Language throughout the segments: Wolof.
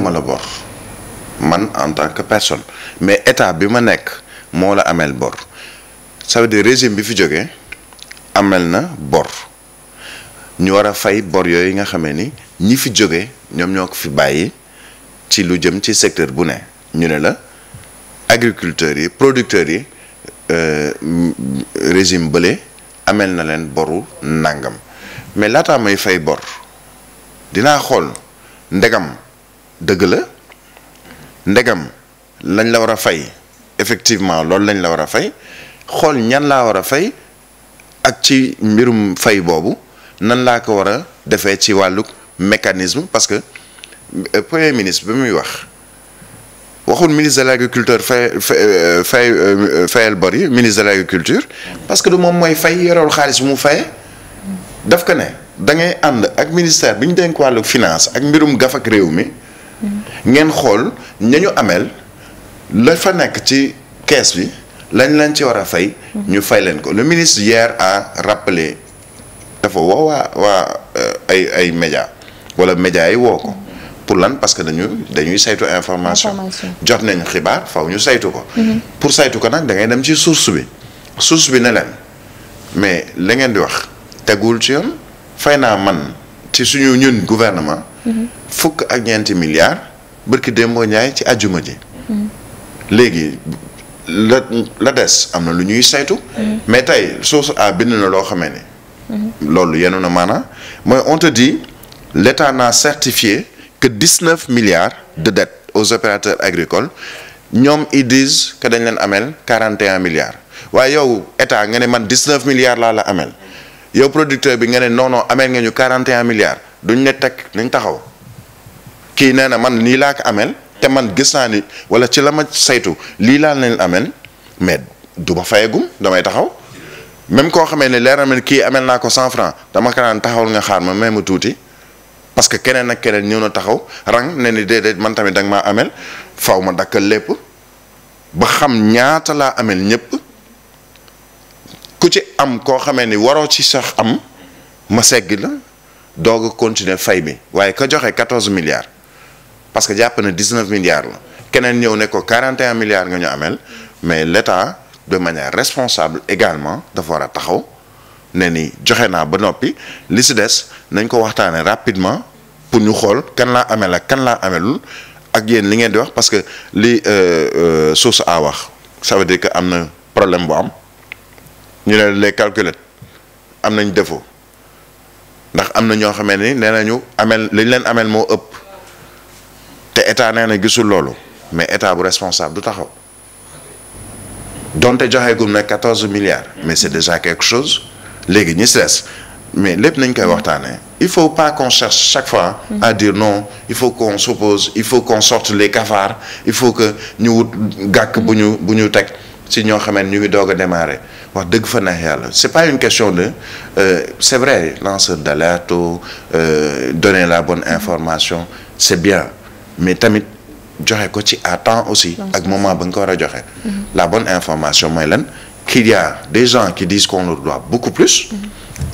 ma la bor man en tant que personne mais état bi ma nekk moo la ameel bor ça veut résime bi fi jógee ameel na bor ñu war a fay bor yooyu nga xamee ni ñi fi jógee ñoom ñoo ko fi bàyyi ci lu jëm ci secteur bu ne ñu ne la agriculteurs yi producteurs yi euh, régime bële amel na leen boru nangam mais laata may fay bor dinaa xool ndegam dëgg la ndegam lañ la war a fay effectivement loolu lañ la war a fay xool ñan laa war a fay ak ci mbirum fay boobu nan laa ko war a defee ci wàllu mécanisme parce que euh, premier ministre bi muy wax waxul ministre de l' agriculture fay fay euh, euh, fayal bor yi ministre de l' agriculture parce que du moom mooy fay yorewul xaalis bu mu fayee daf ko ne da ngay ànd ak ministère bi ñu denk wàllu finance ak mbirum gaf ak réew mi ngeen xool ñañu ameel la fa nekk ci kees bi lañ leen ci war a fay. ñu fay leen ko le ministre hier a rappelé dafa woo waa waa euh, ay ay média wala média yi woo ko. pour lan parce que dañu dañuy saytu information. jot nañu xibaar faw ñu saytu ko. Mm-hmm. pour saytu ko nag da ngay dem ci source bi source bi ne leen mais la ngeen di wax tegul ci yoon naa man ci suñu ñun gouvernement. fukk ak ñeenti milliards bërki démboo Njaay ci àjjuma ji léegi la la des am na lu ñuy saytu mais tey source a bind na loo xamee ni loolu yenu na maanaam mooy on te dit l'État n'a certifié que dix-neuf milliards de dettes aux opérateurs agricoles ñoom ils disent que dañ leen amel quarante et un milliards waaye yow état nga ne man dix-neuf milliards laa la amel yow producteur bi nga ne noonoo non nga ñu quarante en un milliards duñ ne teg nañ taxaw kii nee na man nii laa ko ameel te man gis naa ni wala ci la ma saytu lii laa leen ameel mais du ma fayagum damay taxaw même koo xamee ne leer na kii amel naa ko cent dama ko naan taxawal nga ma may ma tuuti parce que keneen ak keneen ñëw taxaw rang ne ni déedéet man tamit danga maa ameel faw ma dakkal lépp ba xam ñaata laa ameel ñépp ku ci am koo xamee ni waroo ci sax am ma segg la. doog a continuer fay bi waaye ka joxe 14 milliards parce que jàpp na 19 milliards la keneen ñëw ne ko 41 milliards nga ñu amel mais l'État de manière responsable également dafa war a taxaw ne ni joxe naa ba noppi li si des nañ ko waxtaanee rapidement pour ñu xool kan laa amel ak kan laa amelul ak yéen li ngeen di wax parce que li euh, euh, source a wax ça veut dire que am na problème bu am ñu ne les calculettes am nañ défaut. ndax am na ñoo xamee ni nee nañu amel li ñu leen amel moo ëpp te état nee na gisul loolu mais état bu responsable du taxaw donte joxeegum na quatorze milliards mais c'est déjà quelque chose léegi ñi stress mais lépp nañ koy waxtaanee il faut pas qu'on chaque fois à dire non il faut qu'on s'oppose il faut qu'on sorte les il faut que ñu wut gàkk bu ñu bu ñu teg si ñoo xamee ñu ngi doog a wax dëgg fa neex yàlla c'est pas une question de euh, c'est vrai lanceur d'alerte euh, donner la bonne information c'est bien mais tamit joxe ko ci à temps aussi ak moment ba nga ko war a joxe mhm. la bonne information mooy lan qu'il y a des gens qui disent qu'on leur doit beaucoup plus mhm.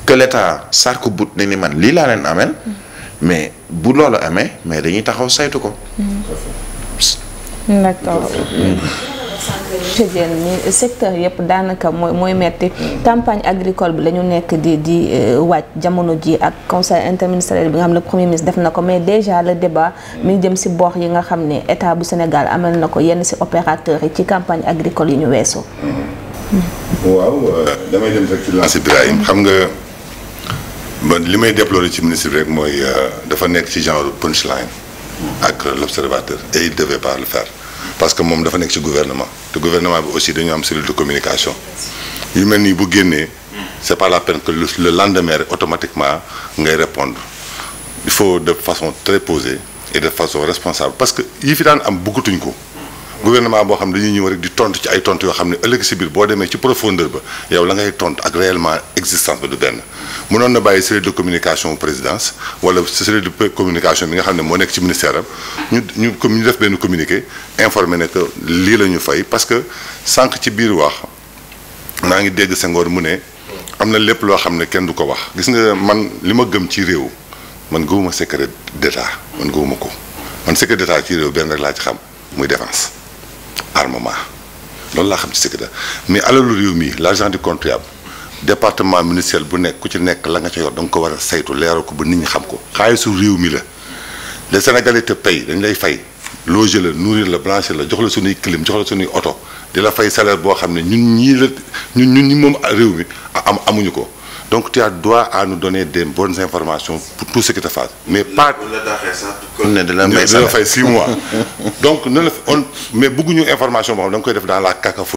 que l'État sarc-boute ne ni man lii laa leen amel mhm. mais bu loolu amee mais dañuy taxaw saytu ko tëjee secteur yëpp daanaka mooy mooy metti campagne agricole bi lañu nekk di di euh, wàcc jamono ji ak conseil interministériel bi nga xam ne premier ministre def na ko mais déjà le débat mi ngi jëm si boox yi nga xam ne état bu Sénégal amal na ko yenn si opérateurs yi ci campagne agricole yi ñu weesu waaw euh, damay dem rek ci xam nga li may déplorer ci ministre bi rek mooy euh, dafa nekk ci genre punchline ak l'observateur et il devait le faire parce que moom dafa nekk ci gouvernement te gouvernement bi aussi dañu am cellule de communication yu mel nii bu génnee c'est pas la peine que le lendemain automatiquement ngay répondre il faut de façon très posée et de façon responsable parce que yi fi daan am buggatuñ ko gouvernement boo xam ne dañuy ñëw rek di tontu ci ay tont yoo xam ne ëllëg si biir boo demee ci profondeur ba yow la ngay tontu ak réellement existence ba du benn mënoon na bàyyi cellule de communication présidence wala cellule de communication bi nga xam ne moo nekk ci ministère am ñu ñu ñu def benn communiqué informé ne que lii la ñu fay parce que sànq ci biir wax maa ngi dégg Senghor mu ne am na lépp loo xam ne kenn du ko wax gis nga man li ma gëm ci réew man gëwuma secret d'état man gëwuma ko man secret d'état benn rek laa ci xam muy armement loolu laa xam ci secrétaire mais alalu réew mii l'argent du contribuable département ministériel bu nekk ku ci nekk la nga ca yor da nga ko war a saytu leeral ko ba nit ñi xam ko xaalisu réew mi la de Sénégalais te pay dañ lay fay loger la nourrir la blanchir la jox la suñuy clim jox la suñuy oto di la fay salaire boo xam ne ñun ñii la ñun ñun ñi moom réew mi am amuñu ko Donc tu as droit à nous donner des bonnes informations pour tout ce que tu fais. Mais le, pas... Le de la mais ça fait six mois. donc, on, mais beaucoup d'informations, donc on dans la cacophonie.